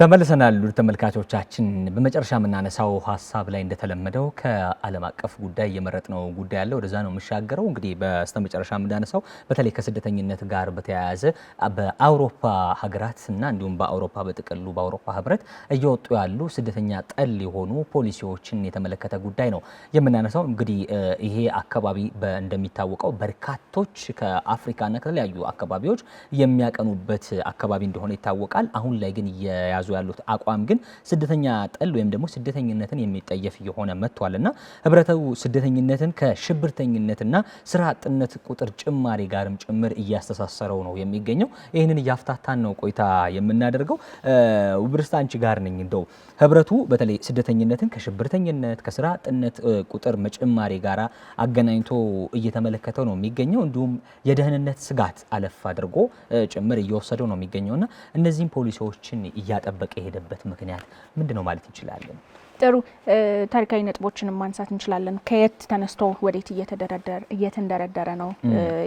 ተመልሰናል ተመልካቾቻችን። በመጨረሻ የምናነሳው ሀሳብ ላይ እንደተለመደው ከዓለም አቀፍ ጉዳይ የመረጥነው ጉዳይ አለ። ወደዛ ነው የምሻገረው። እንግዲህ በስተመጨረሻ የምናነሳው በተለይ ከስደተኝነት ጋር በተያያዘ በአውሮፓ ሀገራት እና እንዲሁም በአውሮፓ በጥቅሉ በአውሮፓ ሕብረት እየወጡ ያሉ ስደተኛ ጠል የሆኑ ፖሊሲዎችን የተመለከተ ጉዳይ ነው የምናነሳው። እንግዲህ ይሄ አካባቢ እንደሚታወቀው በርካቶች ከአፍሪካና ከተለያዩ አካባቢዎች የሚያቀኑበት አካባቢ እንደሆነ ይታወቃል። አሁን ላይ ግን እየያዙ ያሉት አቋም ግን ስደተኛ ጠል ወይም ደግሞ ስደተኝነትን የሚጠየፍ እየሆነ መጥቷልና ህብረተው ስደተኝነትን ከሽብርተኝነትና ስራ አጥነት ቁጥር ጭማሪ ጋርም ጭምር እያስተሳሰረው ነው የሚገኘው። ይህንን እያፍታታን ነው ቆይታ የምናደርገው። ውብርስት አንቺ ጋር ነኝ። እንደው ህብረቱ በተለይ ስደተኝነትን ከሽብርተኝነት ከስራ አጥነት ቁጥር መጨማሪ ጋር አገናኝቶ እየተመለከተው ነው የሚገኘው። እንዲሁም የደህንነት ስጋት አለፍ አድርጎ ጭምር እየወሰደው ነው የሚገኘውና እነዚህም ፖሊሲዎችን እያጠ እየጠበቀ የሄደበት ምክንያት ምንድን ነው ማለት እንችላለን? ጥሩ ታሪካዊ ነጥቦችንም ማንሳት እንችላለን። ከየት ተነስቶ ወዴት እየተንደረደረ ነው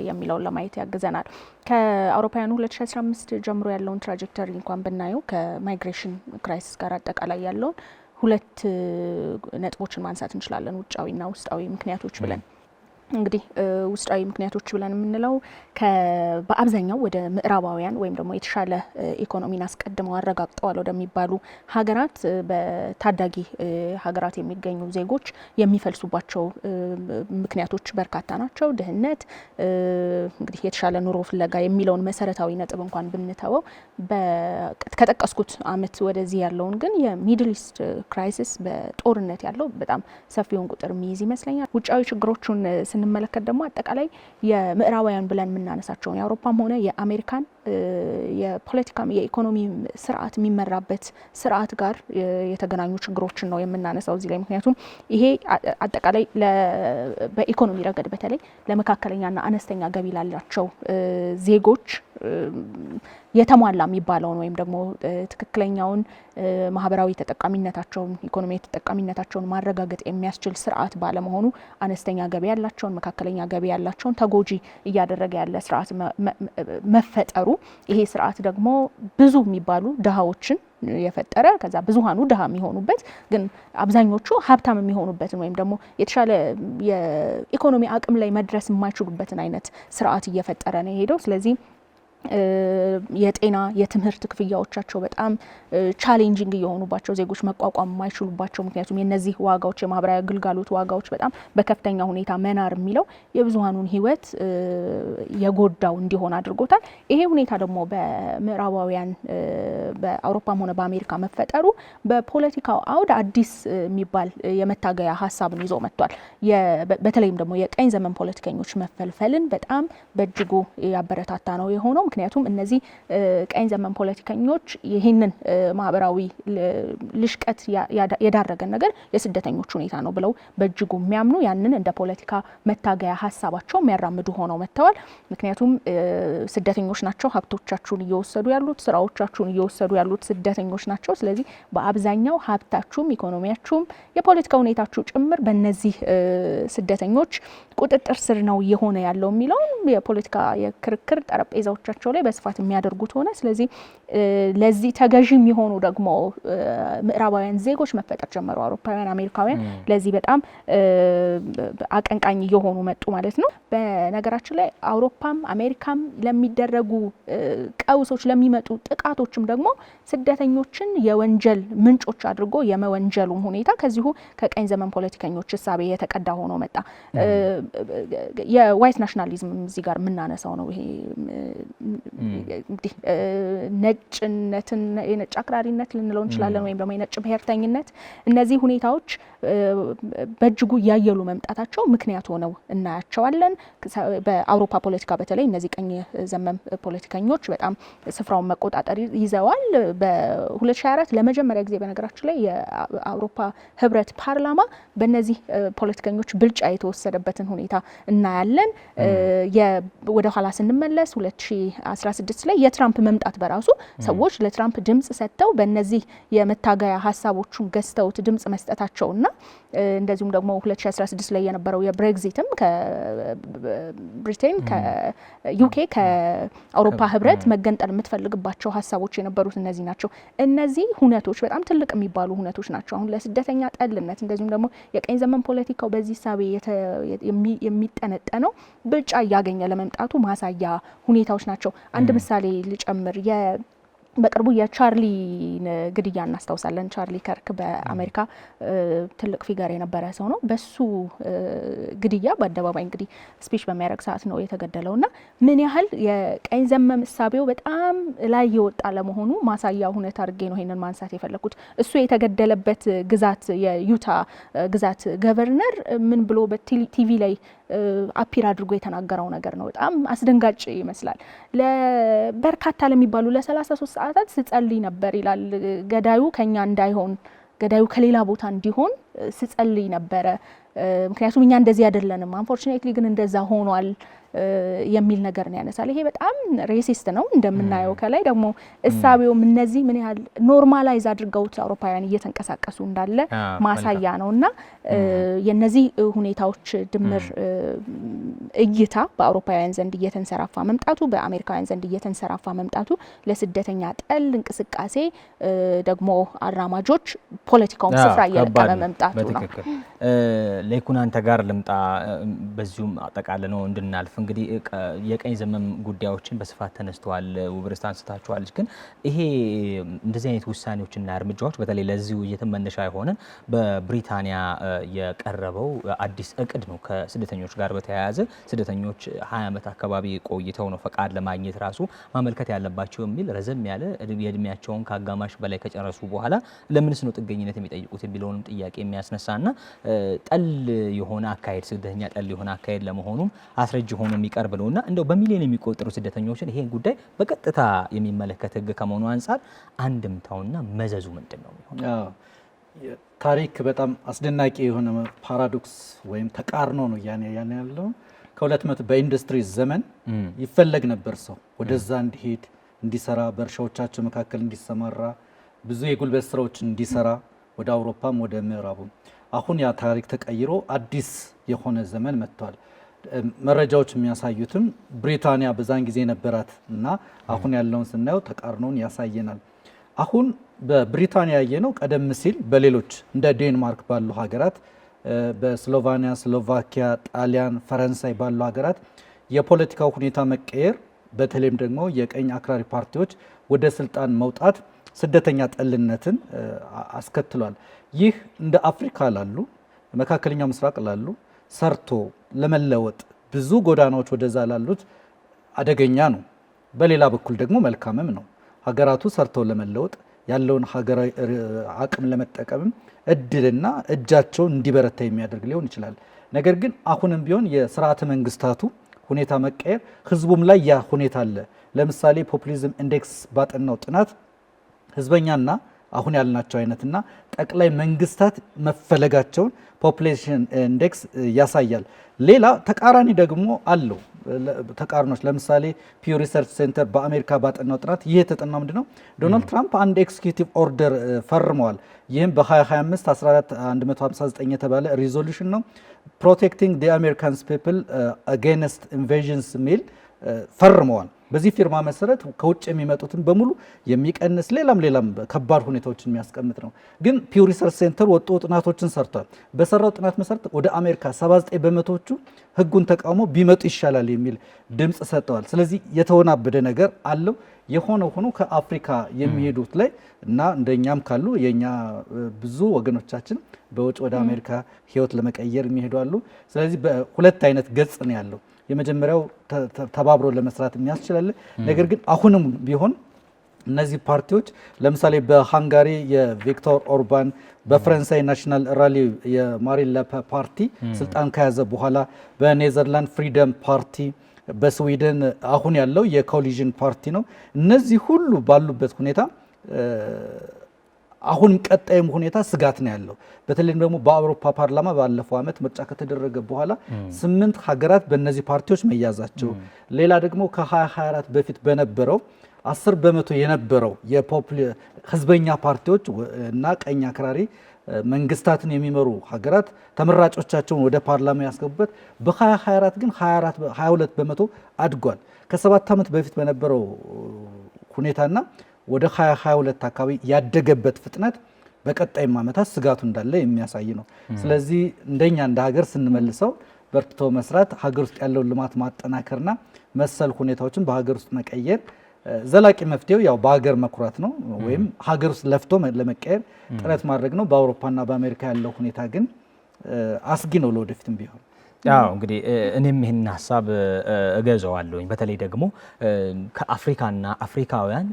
የሚለውን ለማየት ያግዘናል። ከአውሮፓውያኑ 2015 ጀምሮ ያለውን ትራጀክተሪ እንኳን ብናየው ከማይግሬሽን ክራይሲስ ጋር አጠቃላይ ያለውን ሁለት ነጥቦችን ማንሳት እንችላለን፣ ውጫዊና ውስጣዊ ምክንያቶች ብለን እንግዲህ ውስጣዊ ምክንያቶች ብለን የምንለው በአብዛኛው ወደ ምዕራባውያን ወይም ደግሞ የተሻለ ኢኮኖሚን አስቀድመው አረጋግጠዋል ወደሚባሉ ሀገራት በታዳጊ ሀገራት የሚገኙ ዜጎች የሚፈልሱባቸው ምክንያቶች በርካታ ናቸው። ድህነት፣ እንግዲህ የተሻለ ኑሮ ፍለጋ የሚለውን መሰረታዊ ነጥብ እንኳን ብንተወው ከጠቀስኩት አመት ወደዚህ ያለውን ግን የሚድል ኢስት ክራይሲስ በጦርነት ያለው በጣም ሰፊውን ቁጥር የሚይዝ ይመስለኛል። ውጫዊ ችግሮቹን ስንመለከት ደግሞ አጠቃላይ የምዕራባውያን ብለን የምናነሳቸውን የአውሮፓም ሆነ የአሜሪካን የፖለቲካ የኢኮኖሚ ስርዓት የሚመራበት ስርዓት ጋር የተገናኙ ችግሮችን ነው የምናነሳው እዚህ ላይ። ምክንያቱም ይሄ አጠቃላይ በኢኮኖሚ ረገድ በተለይ ለመካከለኛና አነስተኛ ገቢ ላላቸው ዜጎች የተሟላ የሚባለውን ወይም ደግሞ ትክክለኛውን ማህበራዊ ተጠቃሚነታቸውን ኢኮኖሚ ተጠቃሚነታቸውን ማረጋገጥ የሚያስችል ስርዓት ባለመሆኑ አነስተኛ ገቢ ያላቸውን፣ መካከለኛ ገቢ ያላቸውን ተጎጂ እያደረገ ያለ ስርዓት መፈጠሩ ይሄ ስርዓት ደግሞ ብዙ የሚባሉ ድሃዎችን የፈጠረ ከዛ ብዙሃኑ ድሀ የሚሆኑበት ግን አብዛኞቹ ሀብታም የሚሆኑበትን ወይም ደግሞ የተሻለ የኢኮኖሚ አቅም ላይ መድረስ የማይችሉበትን አይነት ስርዓት እየፈጠረ ነው የሄደው። ስለዚህ የጤና የትምህርት ክፍያዎቻቸው በጣም ቻሌንጂንግ የሆኑባቸው ዜጎች መቋቋም የማይችሉባቸው ምክንያቱም የነዚህ ዋጋዎች የማህበራዊ አገልግሎት ዋጋዎች በጣም በከፍተኛ ሁኔታ መናር የሚለው የብዙሀኑን ህይወት የጎዳው እንዲሆን አድርጎታል። ይሄ ሁኔታ ደግሞ በምዕራባውያን በአውሮፓም ሆነ በአሜሪካ መፈጠሩ በፖለቲካው አውድ አዲስ የሚባል የመታገያ ሀሳብን ይዞ መጥቷል። በተለይም ደግሞ የቀኝ ዘመን ፖለቲከኞች መፈልፈልን በጣም በእጅጉ ያበረታታ ነው የሆነው። ምክንያቱም እነዚህ ቀኝ ዘመን ፖለቲከኞች ይህንን ማህበራዊ ልሽቀት የዳረገን ነገር የስደተኞች ሁኔታ ነው ብለው በእጅጉ የሚያምኑ ያንን እንደ ፖለቲካ መታገያ ሀሳባቸው የሚያራምዱ ሆነው መጥተዋል። ምክንያቱም ስደተኞች ናቸው ሀብቶቻችሁን እየወሰዱ ያሉት፣ ስራዎቻችሁን እየወሰዱ ያሉት ስደተኞች ናቸው። ስለዚህ በአብዛኛው ሀብታችሁም፣ ኢኮኖሚያችሁም፣ የፖለቲካ ሁኔታችሁ ጭምር በእነዚህ ስደተኞች ቁጥጥር ስር ነው እየሆነ ያለው የሚለውን የፖለቲካ የክርክር ጠረጴዛዎቻ ራሳቸው ላይ በስፋት የሚያደርጉት ሆነ። ስለዚህ ለዚህ ተገዥ የሚሆኑ ደግሞ ምዕራባውያን ዜጎች መፈጠር ጀመሩ። አውሮፓውያን፣ አሜሪካውያን ለዚህ በጣም አቀንቃኝ እየሆኑ መጡ ማለት ነው። በነገራችን ላይ አውሮፓም አሜሪካም ለሚደረጉ ቀውሶች፣ ለሚመጡ ጥቃቶችም ደግሞ ስደተኞችን የወንጀል ምንጮች አድርጎ የመወንጀሉም ሁኔታ ከዚሁ ከቀኝ ዘመን ፖለቲከኞች እሳቤ የተቀዳ ሆኖ መጣ። የዋይት ናሽናሊዝም እዚህ ጋር የምናነሳው ነው። ይሄ እንግዲህ ነጭነትን የነጭ አክራሪነት ልንለው እንችላለን፣ ወይም ደግሞ የነጭ ብሔርተኝነት እነዚህ ሁኔታዎች በእጅጉ እያየሉ መምጣታቸው ምክንያት ሆነው እናያቸዋለን። በአውሮፓ ፖለቲካ በተለይ እነዚህ ቀኝ ዘመም ፖለቲከኞች በጣም ስፍራውን መቆጣጠር ይዘዋል። በ2024 ለመጀመሪያ ጊዜ በነገራችን ላይ የአውሮፓ ህብረት ፓርላማ በእነዚህ ፖለቲከኞች ብልጫ የተወሰደበትን ሁኔታ እናያለን። ወደኋላ ስንመለስ 2016 ላይ የትራምፕ መምጣት በራሱ ሰዎች ለትራምፕ ድምጽ ሰጥተው በእነዚህ የመታገያ ሀሳቦቹን ገዝተውት ድምጽ መስጠታቸውና እንደዚሁም ደግሞ 2016 ላይ የነበረው የብሬግዚትም ከብሪቴን ከዩኬ ከአውሮፓ ህብረት መገንጠል የምትፈልግባቸው ሀሳቦች የነበሩት እነዚህ ናቸው። እነዚህ ሁነቶች በጣም ትልቅ የሚባሉ ሁነቶች ናቸው። አሁን ለስደተኛ ጠልነት እንደዚሁም ደግሞ የቀኝ ዘመን ፖለቲካው በዚህ ሳቤ የሚጠነጠነው ብልጫ እያገኘ ለመምጣቱ ማሳያ ሁኔታዎች ናቸው። አንድ ምሳሌ ልጨምር። በቅርቡ የቻርሊ ግድያ እናስታውሳለን። ቻርሊ ከርክ በአሜሪካ ትልቅ ፊገር የነበረ ሰው ነው። በሱ ግድያ በአደባባይ እንግዲህ ስፒች በሚያደርግ ሰዓት ነው የተገደለው እና ምን ያህል የቀኝ ዘመም እሳቤው በጣም ላይ የወጣ ለመሆኑ ማሳያ ሁነት አድርጌ ነው ይሄንን ማንሳት የፈለግኩት። እሱ የተገደለበት ግዛት የዩታ ግዛት ገቨርነር ምን ብሎ በቲቪ ላይ አፒር አድርጎ የተናገረው ነገር ነው። በጣም አስደንጋጭ ይመስላል። ለበርካታ ለሚባሉ ለ33 ሰዓታት ስጸልይ ነበር ይላል። ገዳዩ ከኛ እንዳይሆን ገዳዩ ከሌላ ቦታ እንዲሆን ስጸልይ ነበረ። ምክንያቱም እኛ እንደዚህ አይደለንም፣ አንፎርችኔትሊ ግን እንደዛ ሆኗል የሚል ነገር ነው ያነሳል። ይሄ በጣም ሬሲስት ነው እንደምናየው። ከላይ ደግሞ እሳቤውም እነዚህ ምን ያህል ኖርማላይዝ አድርገውት አውሮፓውያን እየተንቀሳቀሱ እንዳለ ማሳያ ነው እና የነዚህ ሁኔታዎች ድምር እይታ በአውሮፓውያን ዘንድ እየተንሰራፋ መምጣቱ፣ በአሜሪካውያን ዘንድ እየተንሰራፋ መምጣቱ ለስደተኛ ጠል እንቅስቃሴ ደግሞ አራማጆች ፖለቲካውም ስፍራ እየለቀመ መምጣቱ ነው። ለይኩን አንተ ጋር ልምጣ በዚሁም አጠቃለ ነው እንድናልፍ እንግዲህ የቀኝ ዘመም ጉዳዮችን በስፋት ተነስተዋል። ውብርስት አንስታችኋለች። ግን ይሄ እንደዚህ አይነት ውሳኔዎችና እርምጃዎች በተለይ ለዚህ ውይይትም መነሻ የሆነን በብሪታንያ የቀረበው አዲስ እቅድ ነው። ከስደተኞች ጋር በተያያዘ ስደተኞች ሀያ ዓመት አካባቢ ቆይተው ነው ፈቃድ ለማግኘት ራሱ ማመልከት ያለባቸው የሚል ረዘም ያለ የእድሜያቸውን ከአጋማሽ በላይ ከጨረሱ በኋላ ለምንስ ነው ጥገኝነት የሚጠይቁት የሚለውንም ጥያቄ የሚያስነሳና ጠል የሆነ አካሄድ ስደተኛ ጠል የሆነ አካሄድ ለመሆኑም አስረጅ ሆ ሆኖ የሚቀርብ ነው እና እንደው በሚሊዮን የሚቆጠሩ ስደተኞችን ይሄን ጉዳይ በቀጥታ የሚመለከት ህግ ከመሆኑ አንጻር አንድምታውና መዘዙ ምንድን ነው? ታሪክ በጣም አስደናቂ የሆነ ፓራዶክስ ወይም ተቃርኖ ነው እያ ያን ያለው ከሁለት መቶ በኢንዱስትሪ ዘመን ይፈለግ ነበር ሰው ወደዛ እንዲሄድ እንዲሰራ በእርሻዎቻቸው መካከል እንዲሰማራ ብዙ የጉልበት ስራዎችን እንዲሰራ ወደ አውሮፓም ወደ ምዕራቡም አሁን ያ ታሪክ ተቀይሮ አዲስ የሆነ ዘመን መጥቷል። መረጃዎች የሚያሳዩትም ብሪታንያ በዛን ጊዜ ነበራት እና አሁን ያለውን ስናየው ተቃርኖውን ያሳየናል። አሁን በብሪታንያ ያየነው ቀደም ሲል በሌሎች እንደ ዴንማርክ ባሉ ሀገራት በስሎቫኒያ፣ ስሎቫኪያ፣ ጣሊያን፣ ፈረንሳይ ባሉ ሀገራት የፖለቲካው ሁኔታ መቀየር በተለይም ደግሞ የቀኝ አክራሪ ፓርቲዎች ወደ ስልጣን መውጣት ስደተኛ ጠልነትን አስከትሏል። ይህ እንደ አፍሪካ ላሉ መካከለኛው ምስራቅ ላሉ ሰርቶ ለመለወጥ ብዙ ጎዳናዎች ወደዛ ላሉት አደገኛ ነው። በሌላ በኩል ደግሞ መልካምም ነው። ሀገራቱ ሰርተው ለመለወጥ ያለውን ሀገራዊ አቅም ለመጠቀምም እድልና እጃቸው እንዲበረታ የሚያደርግ ሊሆን ይችላል። ነገር ግን አሁንም ቢሆን የስርዓተ መንግስታቱ ሁኔታ መቀየር ህዝቡም ላይ ያ ሁኔታ አለ። ለምሳሌ ፖፑሊዝም ኢንዴክስ ባጠናው ጥናት ህዝበኛና አሁን ያልናቸው አይነትና ጠቅላይ መንግስታት መፈለጋቸውን ፖፕሌሽን ኢንዴክስ ያሳያል። ሌላ ተቃራኒ ደግሞ አለው ተቃርኖች ለምሳሌ ፒው ሪሰርች ሴንተር በአሜሪካ ባጠናው ጥናት ይህ የተጠናው ነው? ዶናልድ ትራምፕ አንድ ኤክስኪዩቲቭ ኦርደር ፈርመዋል። ይህም በ2025 14159 የተባለ ሪዞሉሽን ነው። ፕሮቴክቲንግ ዲ አሜሪካንስ ፒፕል አጌንስት ኢንቬዥንስ ሚል ፈርመዋል። በዚህ ፊርማ መሰረት ከውጭ የሚመጡትን በሙሉ የሚቀንስ ሌላም ሌላም ከባድ ሁኔታዎችን የሚያስቀምጥ ነው። ግን ፒው ሪሰርች ሴንተር ወጡ ጥናቶችን ሰርቷል። በሰራው ጥናት መሰረት ወደ አሜሪካ 79 በመቶዎቹ ህጉን ተቃውሞ ቢመጡ ይሻላል የሚል ድምፅ ሰጥተዋል። ስለዚህ የተወናበደ ነገር አለው። የሆነ ሆኖ ከአፍሪካ የሚሄዱት ላይ እና እንደኛም ካሉ የኛ ብዙ ወገኖቻችን በውጭ ወደ አሜሪካ ህይወት ለመቀየር የሚሄዱ አሉ። ስለዚህ በሁለት አይነት ገጽ ነው ያለው። የመጀመሪያው ተባብሮ ለመስራት የሚያስችላል። ነገር ግን አሁንም ቢሆን እነዚህ ፓርቲዎች ለምሳሌ በሃንጋሪ የቪክቶር ኦርባን በፈረንሳይ ናሽናል ራሊ የማሪን ፓርቲ ስልጣን ከያዘ በኋላ በኔዘርላንድ ፍሪደም ፓርቲ በስዊድን አሁን ያለው የኮሊዥን ፓርቲ ነው። እነዚህ ሁሉ ባሉበት ሁኔታ አሁንም ቀጣይም ሁኔታ ስጋት ነው ያለው። በተለይም ደግሞ በአውሮፓ ፓርላማ ባለፈው ዓመት ምርጫ ከተደረገ በኋላ ስምንት ሀገራት በእነዚህ ፓርቲዎች መያዛቸው፣ ሌላ ደግሞ ከ2024 በፊት በነበረው አስር በመቶ የነበረው ህዝበኛ ፓርቲዎች እና ቀኝ አክራሪ መንግስታትን የሚመሩ ሀገራት ተመራጮቻቸውን ወደ ፓርላማ ያስገቡበት። በ2024 ግን 22 በመቶ አድጓል። ከሰባት ዓመት በፊት በነበረው ሁኔታና ወደ 2022 አካባቢ ያደገበት ፍጥነት በቀጣይም ዓመታት ስጋቱ እንዳለ የሚያሳይ ነው። ስለዚህ እንደኛ እንደ ሀገር ስንመልሰው በርትቶ መስራት፣ ሀገር ውስጥ ያለውን ልማት ማጠናከርና መሰል ሁኔታዎችን በሀገር ውስጥ መቀየር ዘላቂ መፍትሄው ያው በሀገር መኩራት ነው ወይም ሀገር ውስጥ ለፍቶ ለመቀየር ጥረት ማድረግ ነው። በአውሮፓና በአሜሪካ ያለው ሁኔታ ግን አስጊ ነው ለወደፊትም ቢሆን አዎ እንግዲህ እኔም ይህንን ሀሳብ እገዘዋለሁኝ። በተለይ ደግሞ ከአፍሪካና አፍሪካውያን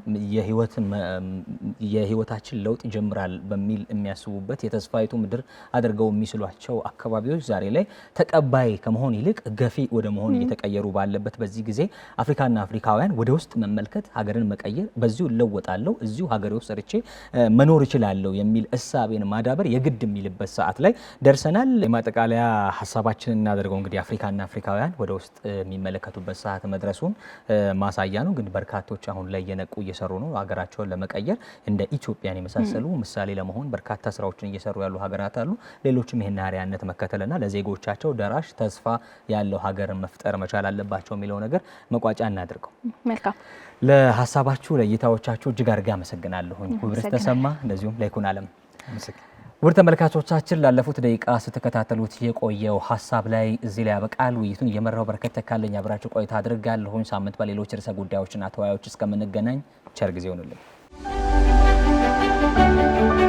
የህይወታችን ለውጥ ይጀምራል በሚል የሚያስቡበት የተስፋይቱ ምድር አድርገው የሚስሏቸው አካባቢዎች ዛሬ ላይ ተቀባይ ከመሆን ይልቅ ገፊ ወደ መሆን እየተቀየሩ ባለበት በዚህ ጊዜ አፍሪካና አፍሪካውያን ወደ ውስጥ መመልከት፣ ሀገርን መቀየር፣ በዚሁ እለወጣለሁ፣ እዚሁ ሀገሬ ውስጥ ሰርቼ መኖር እችላለሁ የሚል እሳቤን ማዳበር የግድ የሚልበት ሰዓት ላይ ደርሰናል። የማጠቃለያ ሀሳባችንና የምናደርገው እንግዲህ አፍሪካና አፍሪካውያን ወደ ውስጥ የሚመለከቱበት ሰዓት መድረሱን ማሳያ ነው። ግን በርካቶች አሁን ላይ እየነቁ እየሰሩ ነው። ሀገራቸውን ለመቀየር እንደ ኢትዮጵያን የመሳሰሉ ምሳሌ ለመሆን በርካታ ስራዎችን እየሰሩ ያሉ ሀገራት አሉ። ሌሎችም ይህን አርአያነት መከተልና ለዜጎቻቸው ደራሽ ተስፋ ያለው ሀገርን መፍጠር መቻል አለባቸው የሚለው ነገር መቋጫ እናድርገው። መልካም ለሀሳባችሁ ለእይታዎቻችሁ እጅግ አድርጌ አመሰግናለሁኝ። ውብረት ተሰማ እንደዚሁም ለይኩን አለም ውድ ተመልካቾቻችን ላለፉት ደቂቃ ስትከታተሉት የቆየው ሀሳብ ላይ እዚህ ላይ ያበቃል። ውይይቱን እየመራው በረከት ተካለኝ አብራችሁ ቆይታ አድርጋለሁኝ። ሳምንት በሌሎች ርዕሰ ጉዳዮችና ተወያዮች እስከምንገናኝ ቸር ጊዜ ይሆንልን።